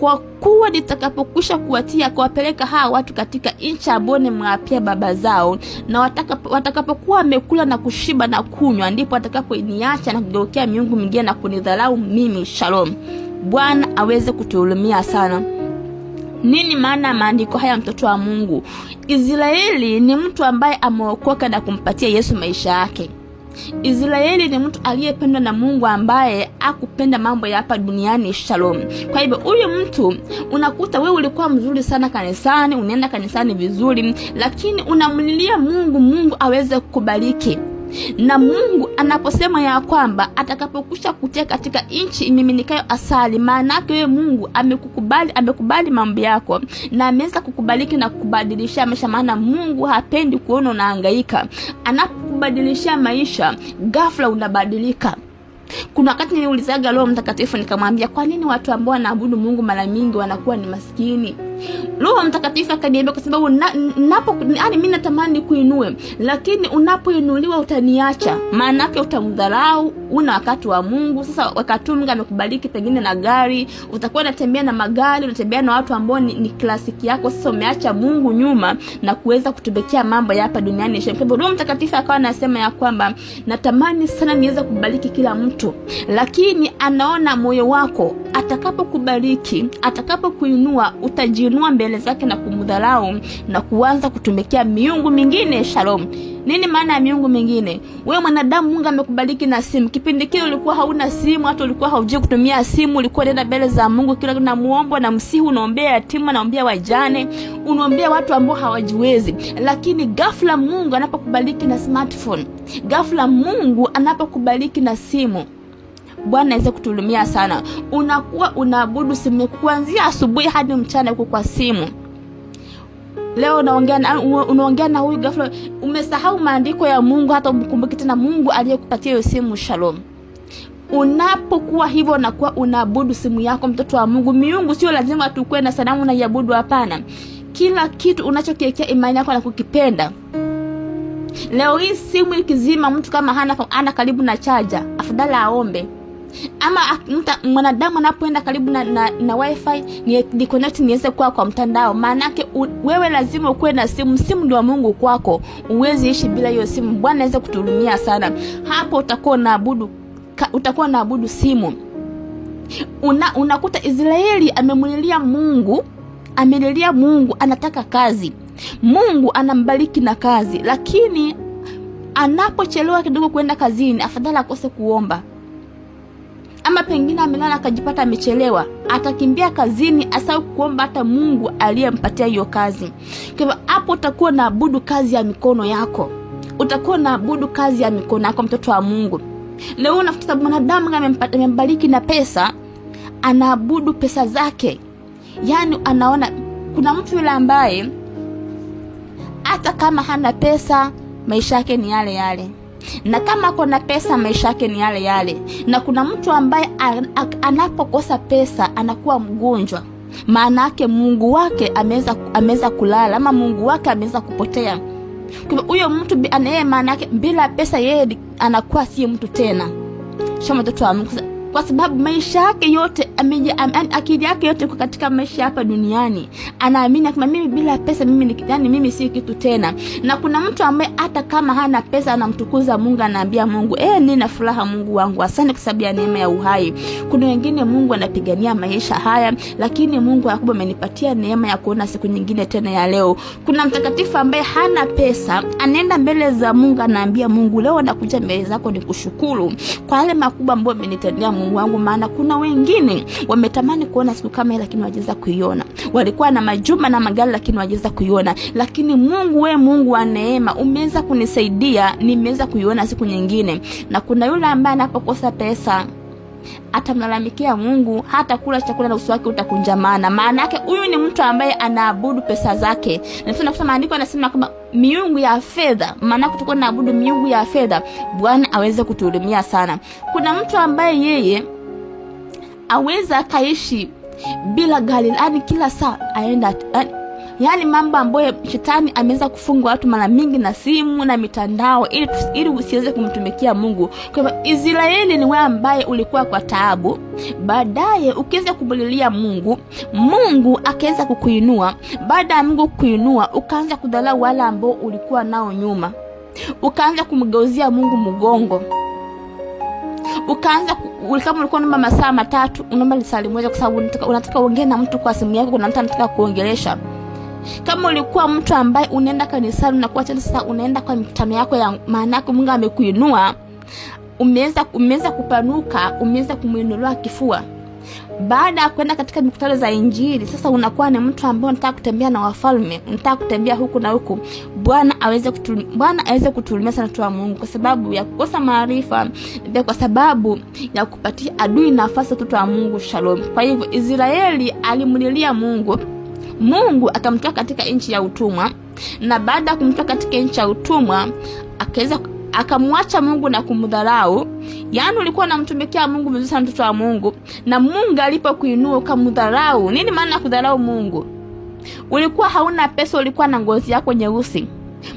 kwa kuwa nitakapokwisha kuwatia kuwapeleka hawa watu katika nchi ambayo mwapia baba zao, na watakapokuwa wamekula na kushiba na kunywa, ndipo watakapoiniacha na kugeukea miungu mingine na kunidharau mimi. Shalom. Bwana aweze kutuhurumia sana. Nini maana ya maandiko haya, mtoto wa Mungu? Israeli ni mtu ambaye ameokoka na kumpatia Yesu maisha yake. Israeli ni mtu aliyependwa na Mungu ambaye akupenda mambo ya hapa duniani. Shalom. Kwa hivyo huyu mtu unakuta wewe ulikuwa mzuri sana kanisani, unaenda kanisani vizuri, lakini unamlilia Mungu, Mungu aweze kukubariki. Na Mungu anaposema ya kwamba atakapokusha kutia katika nchi imiminikayo asali, maana yake wewe Mungu amekukubali, amekubali mambo yako na ameweza kukubaliki na kukubadilishia maisha, maana Mungu hapendi kuona unahangaika. Anapokubadilishia maisha, ghafla unabadilika. Kuna wakati niliulizaga Roho Mtakatifu nikamwambia, kwa nini watu ambao wanaabudu Mungu mara nyingi wanakuwa ni maskini? Roho Mtakatifu akaniambia kwa sababu napo yani, mimi natamani kuinue, lakini unapoinuliwa utaniacha, maana yake utamdharau, una wakati wa Mungu. Sasa wakati Mungu amekubariki pengine na gari, utakuwa unatembea na magari, unatembea na watu ambao ni, ni klasiki yako. Sasa umeacha Mungu nyuma na kuweza kutubekia mambo ya hapa duniani. Kwa hivyo Roho Mtakatifu akawa anasema ya kwamba natamani sana niweze kubariki kila mtu, lakini anaona moyo wako, atakapokubariki atakapokuinua utajiri kujiinua mbele zake na kumdharau na kuanza kutumikia miungu mingine. Shalom. Nini maana ya miungu mingine? Wewe mwanadamu, Mungu amekubariki na simu. Kipindi kile ulikuwa hauna simu, hata ulikuwa haujui kutumia simu, ulikuwa nenda mbele za Mungu kila na muombo na msihu, unaombea yatima, unaombea wajane, unaombea watu ambao hawajiwezi. Lakini ghafla Mungu anapokubariki na smartphone, ghafla Mungu anapokubariki na simu Bwana aweze kutuhurumia sana. Unakuwa unaabudu simu kuanzia asubuhi hadi mchana uko kwa simu. Leo unaongea na unaongea na huyu ghafla, umesahau maandiko ya Mungu, hata ukumbuki tena Mungu aliyekupatia hiyo simu. Shalom. Unapokuwa hivyo unakuwa unaabudu simu yako, mtoto wa Mungu. Miungu sio lazima tukue na sanamu na iabudu, hapana. Kila kitu unachokiwekea imani yako na kukipenda Leo hii simu ikizima, mtu kama hana, ana karibu na chaja, afadhali aombe ama mwanadamu anapoenda karibu na, na, na wifi ni, ni connect niweze kuwa kwa mtandao. Maanake wewe lazima ukuwe na simu. Simu ndio Mungu kwako, uwezi ishi bila hiyo simu. Bwana aweze kutuhurumia sana hapo, utakuwa unaabudu utakuwa unaabudu simu. Una, unakuta Israeli amemlilia Mungu, amelilia Mungu, anataka kazi, Mungu anambariki na kazi, lakini anapochelewa kidogo kwenda kazini, afadhali akose kuomba ama pengine amelala akajipata amechelewa, atakimbia kazini, asau kuomba hata Mungu aliyempatia hiyo kazi. Kwa hivyo hapo utakuwa naabudu kazi ya mikono yako, utakuwa naabudu kazi ya mikono yako, mtoto wa Mungu. Leo unafuta sababu mwanadamu amembariki na pesa, anaabudu pesa zake, yaani anaona kuna mtu yule ambaye hata kama hana pesa maisha yake ni yale yale na kama ako na pesa, maisha yake ni yale yale. Na kuna mtu ambaye anapokosa pesa anakuwa mgonjwa, maana yake Mungu wake ameweza ameweza kulala ama Mungu wake ameweza kupotea. Huyo mtu anaye, maana yake bila pesa, yeye anakuwa si mtu tena. Shama mtoto wa Mungu kwa sababu maisha yake yote ameja, am, am, akili yake yote iko katika maisha hapa duniani. Anaamini kama mimi bila pesa mimi ni yani, mimi si kitu tena. Na kuna mtu ambaye hata kama hana pesa anamtukuza Mungu, anaambia Mungu eh, nina furaha Mungu wangu, asante kwa sababu ya neema ya uhai. Kuna wengine Mungu anapigania maisha haya, lakini Mungu Yakobo amenipatia neema ya kuona siku nyingine tena ya leo. Kuna mtakatifu ambaye hana pesa anaenda mbele za Mungu, anaambia Mungu, leo nakuja mbele zako nikushukuru kwa yale makubwa ambayo umenitendea Mungu. Mungu wangu, maana kuna wengine wametamani kuona siku kama hii, lakini hawajaweza kuiona. Walikuwa na majumba na magari, lakini hawajaweza kuiona. Lakini Mungu, we Mungu wa neema, umeweza kunisaidia, nimeweza kuiona siku nyingine. Na kuna yule ambaye anapokosa pesa atamlalamikia Mungu, hata kula chakula na uso wake utakunjamana. Maana yake huyu ni mtu ambaye anaabudu pesa zake, na tunakuta maandiko anasema kwamba miungu ya fedha. Maana kutakuwa naabudu miungu ya fedha, Bwana aweze kutuhurumia sana. Kuna mtu ambaye yeye aweza akaishi bila gari, yani kila saa aenda yaani yaani mambo ambayo shetani ameweza kufunga watu mara mingi na simu na mitandao, ili ili usiweze kumtumikia Mungu. Kwa hivyo Israeli ni wewe ambaye ulikuwa kwa taabu, baadaye ukiweza kumlilia Mungu, Mungu akaweza kukuinua. Baada ya Mungu kukuinua, ukaanza kudhalau wale ambao ulikuwa nao nyuma, ukaanza kumgeuzia Mungu mgongo ukaanza kama ulikuwa unaomba masaa matatu unaomba lisali moja, kwa sababu unataka uongee na mtu kwa simu yako, kuna mtu anataka kuongelesha. Kama ulikuwa mtu ambaye unaenda kanisani unakuwa tena sasa unaenda kwa mikutano yako ya maana yako Mungu amekuinua, umeweza umeweza kupanuka, umeweza kumuinuliwa kifua. Baada ya kwenda katika mikutano za Injili, sasa unakuwa ni mtu ambaye unataka kutembea na wafalme, unataka kutembea huku na huku. Bwana aweze Bwana aweze kutuhurumia sana tu wa Mungu, kwa sababu ya kukosa maarifa, pia kwa sababu ya kupatia adui nafasi watoto wa Mungu. Shalom. Kwa hivyo Israeli alimlilia Mungu Mungu akamtoa katika nchi ya utumwa, na baada ya kumtoa katika nchi ya utumwa akaweza akamwacha Mungu na kumdharau. Yaani ulikuwa namtumikia Mungu vizuri sana, mtoto wa Mungu, na Mungu alipokuinua ukamdharau. Nini maana ya kudharau Mungu? Ulikuwa hauna pesa, ulikuwa na ngozi yako nyeusi.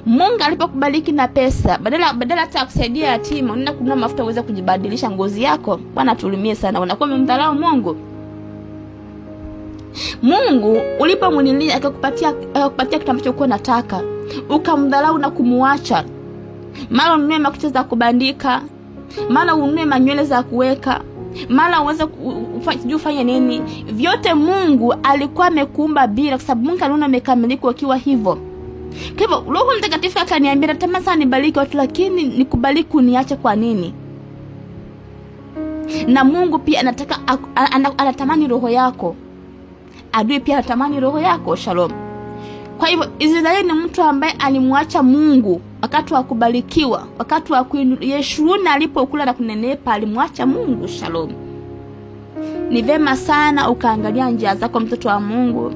Mungu alipokubariki na pesa, badala badala hata kusaidia yatima, unaenda kununua mafuta uweze kujibadilisha ngozi yako. Bwana, tulumie sana, unakuwa umemdharau Mungu. Mungu ulipomwinilia akakupatia akakupatia kitu ambacho ulikuwa unataka, ukamdharau na kumuacha, mara ununue makucha za kubandika, mara ununue manywele za kuweka mara uweze sijui ufanye nini. Vyote Mungu alikuwa amekuumba bila, kwa sababu Mungu aliona amekamilika akiwa hivyo. Kwa hivyo Roho Mtakatifu akaniambia, natamani sana nibariki watu, lakini nikubali uniache kwa nini? Na Mungu pia anataka anatamani roho yako adui pia atamani roho yako. Shalom. Kwa hivyo Israeli ni mtu ambaye alimwacha Mungu wakati wa kubarikiwa, wakati wa Yeshuruni alipokula na kunenepa, alimwacha Mungu. Shalom. Ni vema sana ukaangalia njia zako, mtoto wa Mungu.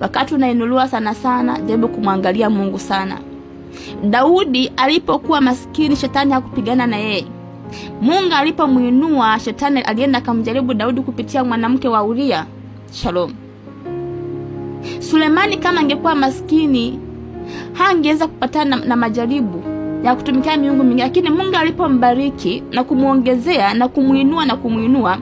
Wakati unainuliwa sana sana, jaribu kumwangalia Mungu sana. Daudi alipokuwa maskini, shetani hakupigana na yeye. Mungu alipomwinua, shetani alienda akamjaribu Daudi kupitia mwanamke wa Uria. Shalom. Sulemani kama angekuwa maskini hangeweza kupatana na, na majaribu ya kutumikia miungu mingi, lakini Mungu alipombariki na kumwongezea na kumuinua na kumuinua,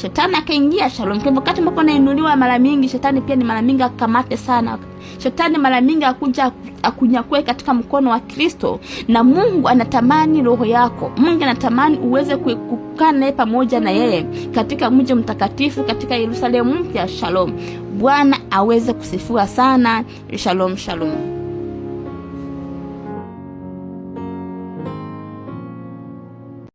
shetani akaingia Shalom. Kwa wakati ambapo anainuliwa mara mingi, shetani pia ni mara mingi akamate sana Shetani mara nyingi akuja akunyakue katika mkono wa Kristo, na Mungu anatamani roho yako. Mungu anatamani uweze kukaa naye pamoja na yeye katika mji mtakatifu, katika Yerusalemu mpya. Shalom. Bwana aweze kusifiwa sana. Shalom, shalom.